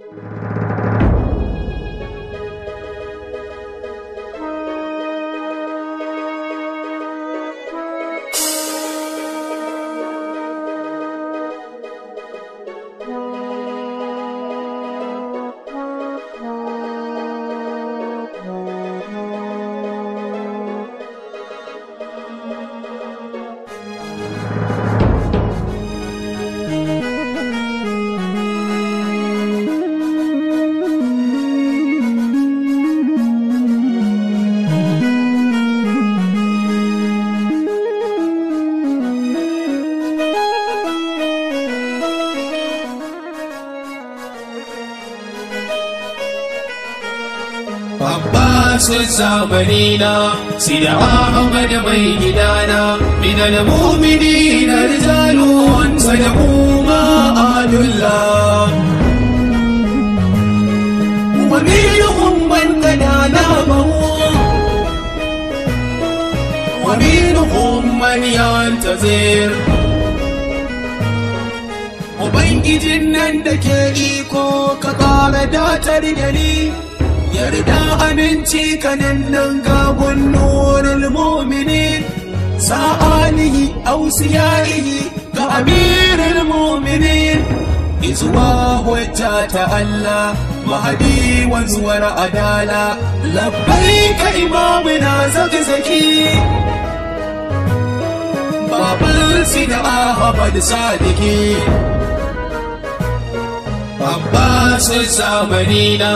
Thank you. sun sabari na sida ahmad mai gidana min al-mu'minin rijalun sadaqu ma adullah ومنهم من قد علامه ومنهم من ينتظر Ubangijin nan da ke iko ka ƙara datar da ni yarda aminci kanin nan gagon nurin muminin sa'anihi ausiyarihi ga amirin muminin izuwa hujja ta Allah mahadi wanzuwar adala labbai ka imamu na zaki zaki babu sida ahmad sadiki sun samari na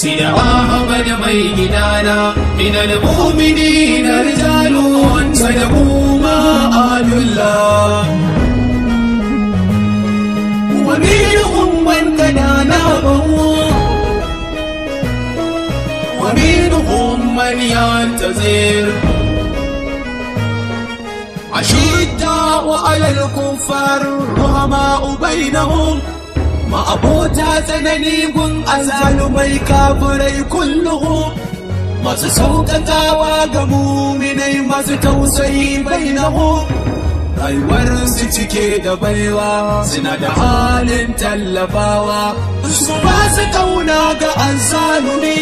sida ahmad mai gidana minal mu'minin rijalu sadaqu ma alullah wa minhum man kana nabahu ومنهم من ينتظر أشداء على الكفار رحماء بينهم ma'abota tsanani gun azalumai kafirai kulluhu masu saukatawa ga muminai masu tausayi bai bainahu su cike da baiwa suna da halin tallafawa su ba su kauna ga azalumi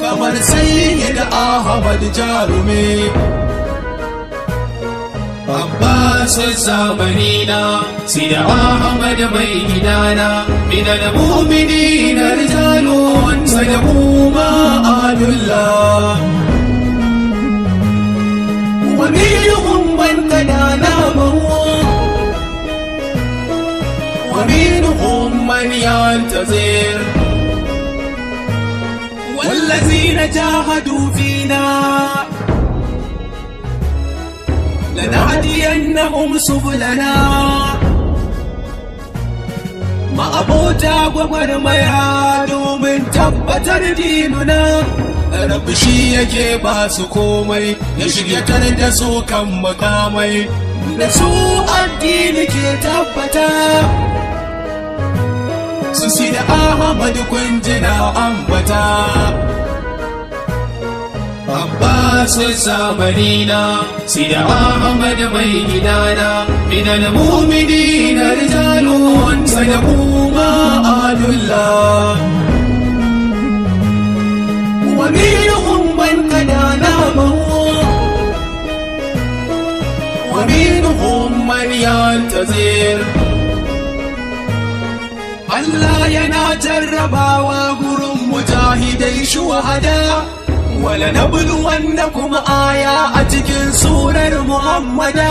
kamar sai da ahmad jarumi Abbas sabarina Sida Ahmad mai gidana Minal mu'minin rijalun Sadamu na ومنهم من قد نامه ومنهم من ينتظر والذين جاهدوا فينا innahum subulana ma'abota gwagwarmaya domin tabbatar dinuna rabu shi yake ba su komai ya shiryatar da su kan makamai da su addini ke tabbata su si da kun kunjina ambata Abbasul samarina Sida Ahmad mai gidana Minal mu'minin rijalun sadaqu adullah. Wa minhum man qada namahu Wa minhum man yantazir Allah yana jarrabawa gurin mujahidai shuhada wala nabulu wanda kuma aya a cikin sunar muhammada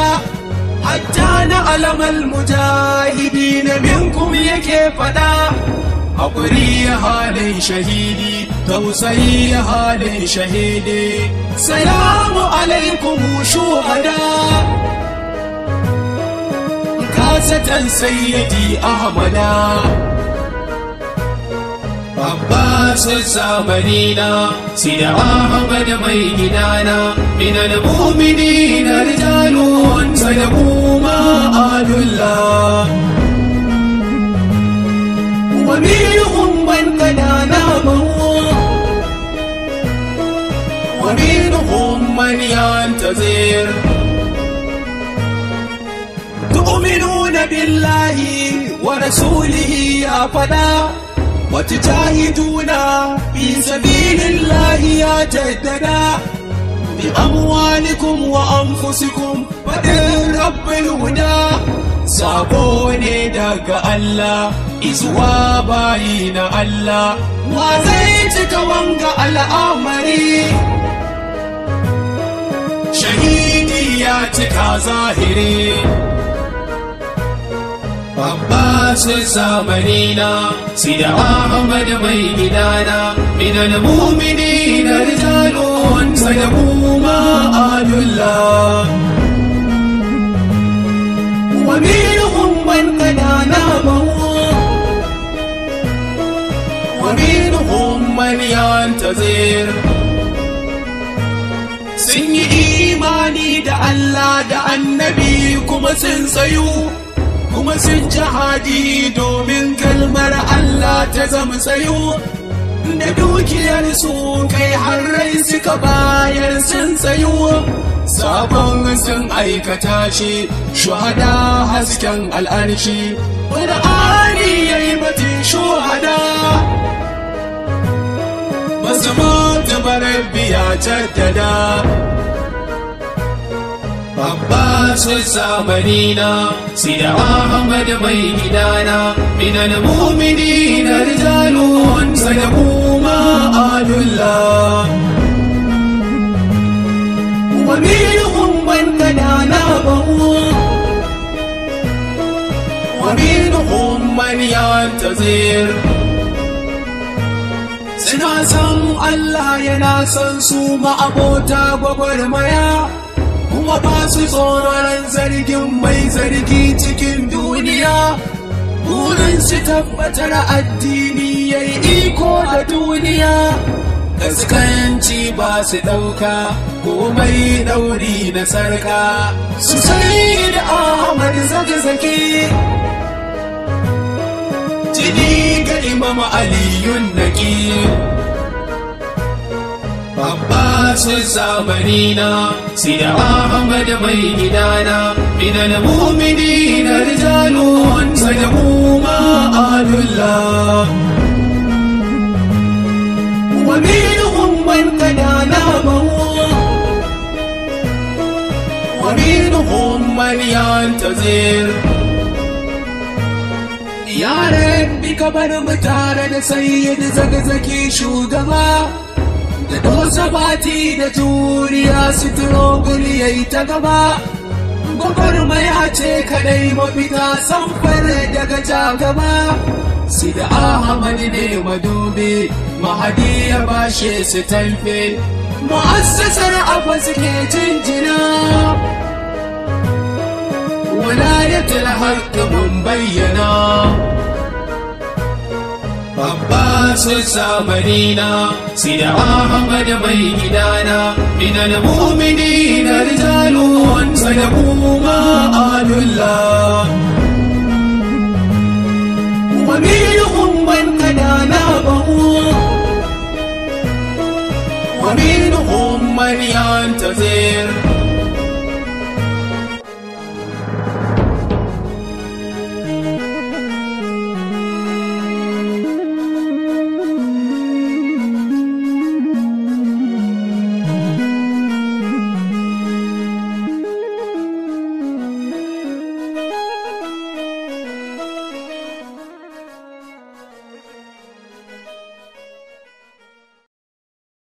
hatta na alamal mujahidi na min yake faɗa. akuri ya halin shahidi ta wusayi ya halin shahidi salamu alaikum shuhada kasatan sayyadi ahmada sun sa madina sida ahmad mai gidana min al-mu'minin rijalun sadamu ma adullah wa minhum man kadana wa minhum man yantazir تؤمنون بالله ورسوله أفلا wata jahiduna fi sabilin lahiya jaddada bi amwalikum wa anfusikum fadin rabbil huda sabo ne daga Allah izuwa bayi na Allah wa zai cika wanga al'amari shahidi ya cika zahiri Abbas samarina Sida Ahmad mai gidana Minal mumini na sada Sadamu ma'adullah Wa minhum ban kada bawo, Wa minhum man yantazir Sun yi imani da Allah da annabi kuma sun tsayu kuma sun jihadi domin kalmar Allah ta zama tsayo da dukiyar su kai har rai suka bayar sun tsayo sabon sun aikata shi shuhada hasken al'arshi wani ani ya yi batin shuhada masu mata marar ta jaddada sassa madina sai da ahmad mai gidana minal mu'minin rijalun sadaku ma adullah wa minhum man kadana ba'u ومنهم من ينتظر suna san Allah yana son su ma'abota gwagwarmaya kuma ba su tsoron zargin mai zargi cikin duniya burin su tabbatar addini ya yi iko da duniya gaskanci ba su ɗauka komai ɗauri na sarka su sai da ahmad zage zaki. jini ga imam aliyun naƙi Abbasin samarina, Sida Ahmad mai gidana, Minal mumini na rijalu, Wanta da mu ma'adullah. Wa minhum man kada namahu, Wa minhum man yantazir. Ya Rabbi ka bar mu tare da sayyid zagzaki shugaba da dosa bati da juriya suturo guli yayi ta gaba gwagwarmaya ce kadai mafita samfare daga ja gaba sida ahmad ne madubi mahadi ya bashe su tamfe mu'assasar abu suke jinjina walayatul haqqi mun bayyana masu sa madina sida ahmad mai gidana minal mu'minin rijalu wa sadamu ma alullah ومنهم من kada